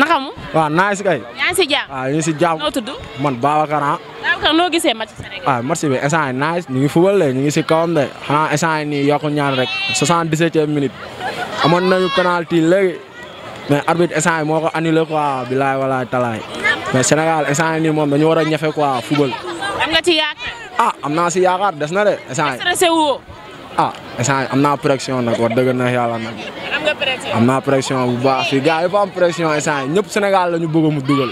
naka mu. naa ngi si kay. yaa ngi si jàmm waaw ñu ngi si jàmm. noo ah. ah, bi instant yii naa ngi fubal de ñu ngi si kawam de ni instant yii nii yokku ñaan rek 77e minute amoon nañu penalty léegi mais arbitre instant yii moo ko annulé bilaay walaay talaay mais Sénégal instant yii nii moom dañu war a ñafe quoi fubal. am nga ah, naa si yaakaar des ah instant am naa pression nag wax dëgg na yàlla nag. am nga pression am naa pression bu baax fii gars yi fa am pression instant ñëpp Sénégal la ñu bëgg mu dugal.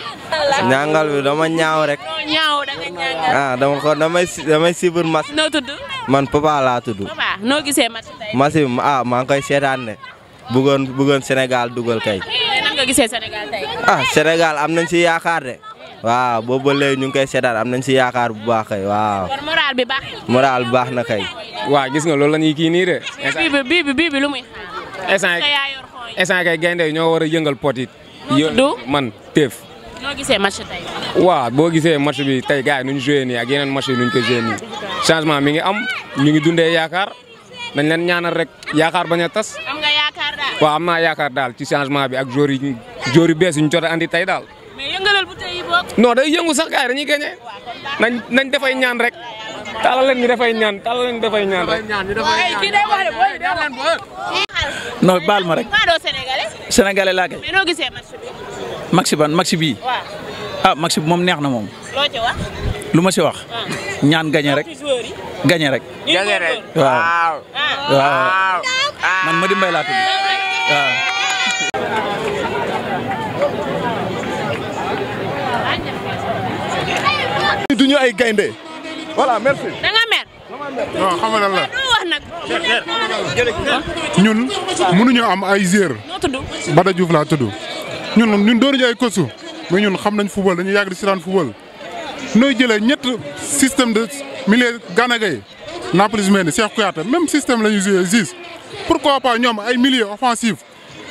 ñaangal bi dama ñaaw rek. ñaaw da nga ñaangal. ah dama ko damay damay sibir match. noo tudd. man Papa laa tudd. Papa noo gisee match tey. match bi ah maa ngi koy seetaan ne. bëggoon bëggoon Sénégal dugal kay. nan nga gisee Sénégal tey. ah Sénégal am nañ si yaakaar de. waaw boobu ba léegi ñu ngi koy seetaan am nañ si yaakaar bu baax kay waaw. kon moral bi baax. moral bi baax na kay. waaw gis nga loolu la ñuy kii nii de. instant bii bi bii bi lu muy xaar. instant kay gaynde yi ñoo war a yëngal pot yi. man teef. noo gisee match tey. waaw boo gisee match bi tey gars yi nu ñu joué nii ak yeneen match yi nu ñu changement mi ngi am ñu ngi dundee yaakaar nañ leen ñaanal rek yaakaar bañ a tas. daal. waaw am naa yaakaar daal ci changement bi ak joueur yi joueur yu bees yu ñu jot a tey daal. mais yëngalal bu tey yi bokk. non day nañ nañ ñaan rek. tàllal leen ñu dafay ñaan tàllal leen ñu dafay baal ma rek. sénégalais laa kay. maxi ban ah, maxi bi moom neex na moom. lu ma si wax. ñaan gañe rek. gañe rek. gañe rek ah. man Mady Mbaye laa tudd ay gaynde voilà merci. da nga mer. non xam nga la. wax nag. ñun mënuñoo am ay gér. noo tudd. Bada Diouf ñun ñun doonuñu ay kosu mais ñun xam nañ football dañuy yàgg di si daan nooy jëlee ñett système de milieu Gana Gueye Nampalys Mendy Cheikh Kouyaté même système la ñuy joué gis pourquoi ñoom ay milieu offensif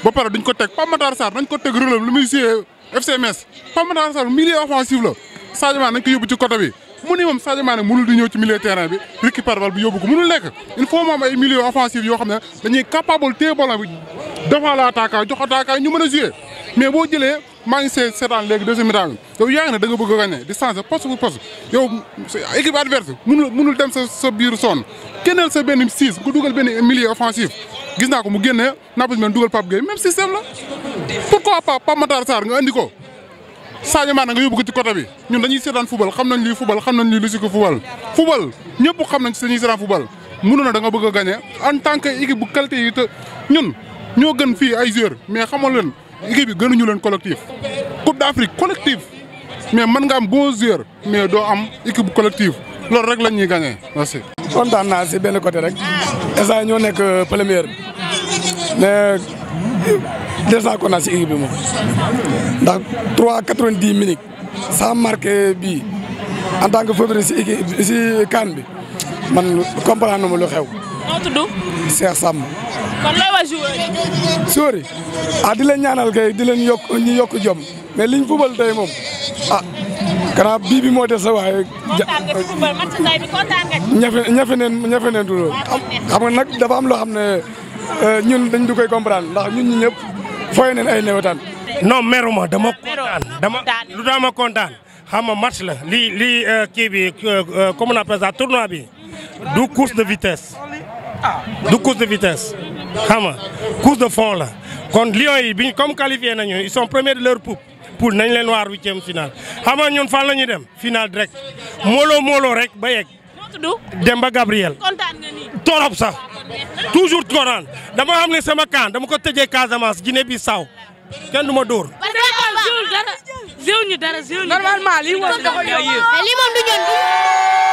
ba pare duñ ko teg Pape Matar Sarr nañ ko teg relève lu muy joué FCMS Pape Matar Sarr milieu offensif la Sadio Mané nañ ko yóbbu ci côté bi. mu ne moom Sadio Mané mënul di ñëw ci milieu terrain bi récupérer bal bi yóbbu ko mënul nekk il faut ay milieu offensif yoo xam ne dañuy capable téye ballon bi devant l'attaquant jox attaquant ñu mën a jouer mais boo jëlee maa ngi see seetaan léegi deuxième mi-temps yaa ngi ne da nga a gagner di changer poste pour poste yow équipe adverse dem sa sa biir sonn kenneel sa benn six nga dugal benn milieu offensif gis naa ko mu génne Nampalys Mendy dugal Pape Gueye même système la pourquoi ko Sadio Mané nga yóbbu ko ci côté bi ñun dañuy seetaan football xam nañ lii football xam nañ lii lu si ko football football ñëpp xam nañ si dañuy seetaan football mënu na danga bëgg a gagné en tant que équipe bu qualité yi te ñun ñoo gën fii ay joueurs mais xamal leen équipe bi gënuñu leen collectif Coupe d'Afrique collectif mais mën nga am bon joueur mais doo am équipe bu collectif loolu rek lañ ñuy gagné merci. kontaan naa si benn côté rek instant ñoo nekk première mais 200 kon si équipe bi moom ndax 3 90 minutes sans marqué bii en tant que favori si équipe si bi man comprendre na lu xew. noo tudd. Cheikh Samb. kon looy ah, di leen ñaanal kay di leen yokk ñu yokk jom mais liñ fubal tey moom ah kana bii bi moo des sa waaye. kontaan xam nga nag am loo xam ne euh, ñun dañ du koy ndax ñun ñi fooy nañ ay nawetaan non meruma dama kontaan dama lu dama kontaan xam nga match la lii lii euh, kii bi euh, euh, comme on appelle bi du course de vitesse du course de vitesse xam nga course de fond la kon Lions yi biñ comme qualifié nañu ils sont premiers de leur poupe poule nañ leen waar huitième finale xam ñun fan la ñuy dem finale direct mooloo mooloo rek ba yegg Demba Gabriel torop sax toujours ko naan dama xam ne sama camp dama ko tëjee Casamance Guinée Bissau kenn du ma dóor. parce que dara. normalement lii moom du